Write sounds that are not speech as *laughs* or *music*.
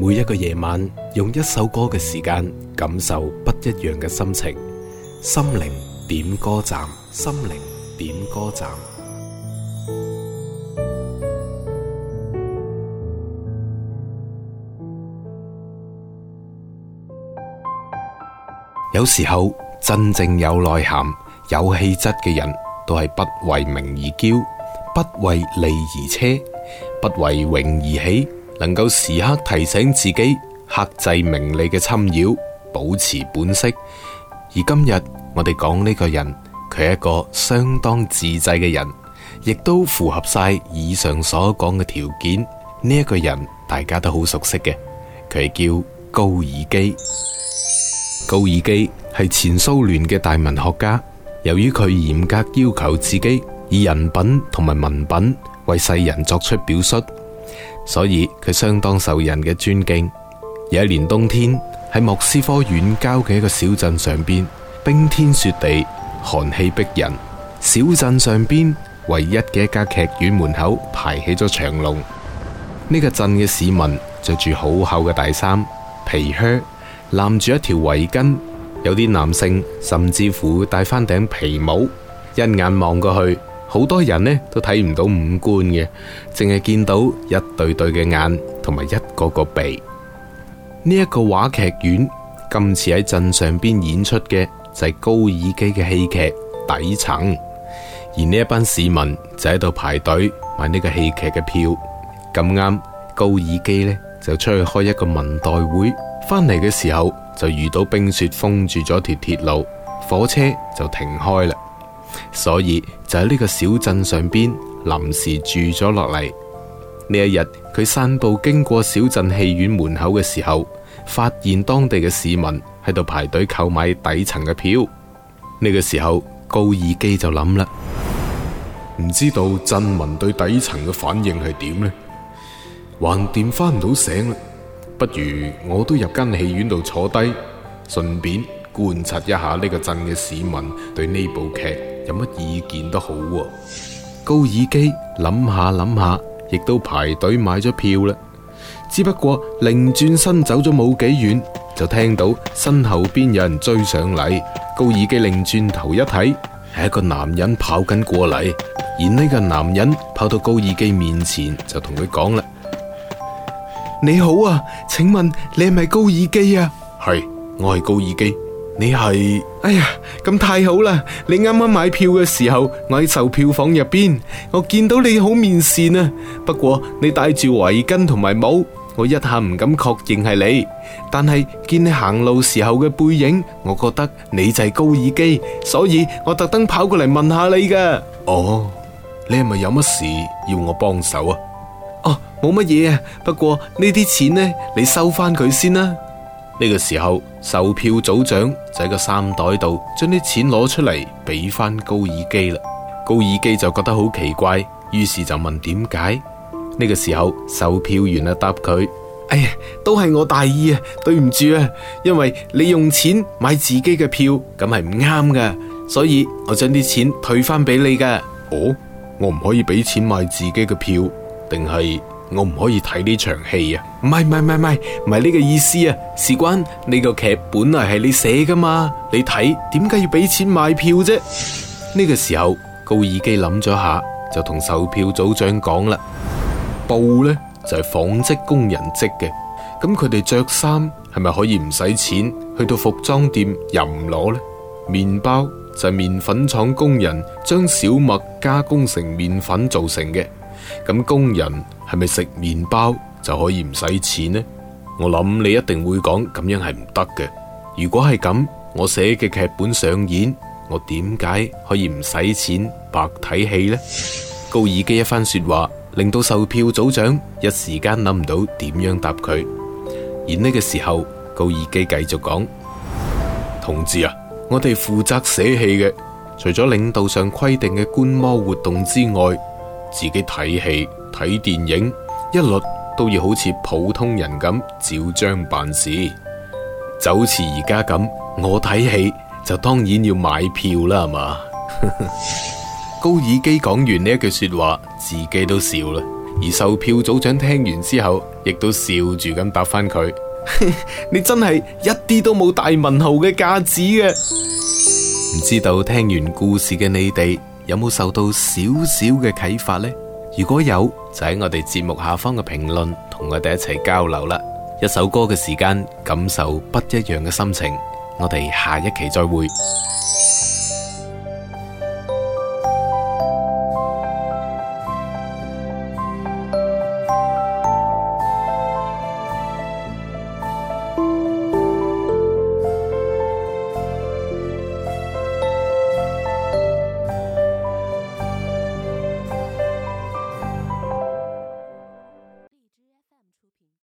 每一個夜晚，用一首歌嘅時間，感受不一樣嘅心情。心靈點歌站，心靈點歌站。 *music* 有時候真正有內涵、有氣質嘅人，都係不為名而驕，不為利而奢，不為榮而喜，能夠時刻提醒自己克制名利嘅侵擾，保持本色。而今日我哋講呢個人，佢係一個相當自制嘅人，亦都符合晒以上所講嘅條件。呢一個人大家都好熟悉嘅，佢叫高爾基。高爾基係前蘇聯嘅大文學家，由於佢嚴格要求自己，以人品同埋文品為世人作出表率。所以佢相當受人嘅尊敬。有一年冬天，喺莫斯科遠郊嘅一個小鎮上邊，冰天雪地，寒氣逼人。小鎮上邊唯一嘅一家劇院門口排起咗長龍。呢個鎮嘅市民着住好厚嘅大衫、皮靴，攬住一條圍巾，有啲男性甚至乎戴翻頂皮帽。一眼望過去。好多人呢都睇唔到五官嘅，淨係見到一對對嘅眼同埋一個一個鼻。呢、這、一個話劇院今次喺鎮上邊演出嘅就係、是、高爾基嘅戲劇《底層》，而呢一班市民就喺度排隊買呢個戲劇嘅票。咁啱，高爾基呢就出去開一個文代會，返嚟嘅時候就遇到冰雪封住咗條鐵路，火車就停開啦。所以就喺呢個小鎮上邊臨時住咗落嚟。呢一日佢散步經過小鎮戲院門口嘅時候，發現當地嘅市民喺度排隊購買底層嘅票。呢個時候高爾基就諗啦，唔知道鎮民對底層嘅反應係點呢？橫掂翻唔到醒了，不如我都入間戲院度坐低，順便觀察一下呢個鎮嘅市民對呢部劇。有乜意見都好喎。啊，高爾基諗下諗下，亦都排隊買咗票啦。只不過，擰轉身走咗冇幾遠，就聽到身後邊有人追上嚟。高爾基擰轉頭一睇，係一個男人跑緊過嚟。而呢個男人跑到高爾基面前，就同佢講啦：你好啊，請問你係咪高爾基啊？係，我係高爾基。你係，哎呀，咁太好啦！你啱啱買票嘅時候，我喺售票房入邊，我見到你好面善啊。不過你戴住圍巾同埋帽，我一下唔敢確認係你。但係見你行路時候嘅背影，我覺得你就係高爾基，所以我特登跑過嚟問下你㗎。哦，你係咪有乜事要我幫手啊？哦，冇乜嘢啊。不過呢啲錢呢，你收返佢先啦。呢個時候，售票組長就喺個衫袋度將啲錢攞出嚟俾翻高爾基啦。高爾基就覺得好奇怪，於是就問點解？呢、這個時候，售票員啊答佢：哎呀，都係我大意啊，對唔住啊，因為你用錢買自己嘅票咁係唔啱㗎，所以我將啲錢退翻俾你㗎。哦，我唔可以俾錢買自己嘅票，定係？我唔可以睇呢場戲啊！唔係唔係唔係唔係呢個意思啊！事關呢個劇本嚟係你寫噶嘛？你睇點解要俾錢買票啫？呢個時候高爾基諗咗下，就同售票組長講啦：布呢，就係、是、紡織工人織嘅，咁佢哋着衫係咪可以唔使錢去到服裝店任攞呢？麵包就係麵粉廠工人將小麥加工成麵粉做成嘅。咁工人係咪食麵包就可以唔使錢呢？我諗你一定會講，咁樣係唔得嘅。如果係咁，我寫嘅劇本上演，我點解可以唔使錢白睇戲呢？高爾基一番說話，令到售票組長一時間諗唔到點樣答佢。而呢個時候，高爾基繼續講：同志啊，我哋負責寫戲嘅，除咗領導上規定嘅觀摩活動之外。自己睇戲睇電影，一律都要好似普通人咁照章辦事。就好似而家咁，我睇戲就當然要買票啦，係嘛？ *laughs* 高爾基講完呢一句說話，自己都笑啦。而售票組長聽完之後，亦都笑住咁答翻佢： *laughs* 你真係一啲都冇大文豪嘅架子嘅。唔知道聽完故事嘅你哋。有冇受到少少嘅啟發呢？如果有，就喺我哋節目下方嘅評論同我哋一齊交流啦！一首歌嘅時間，感受不一樣嘅心情。我哋下一期再會。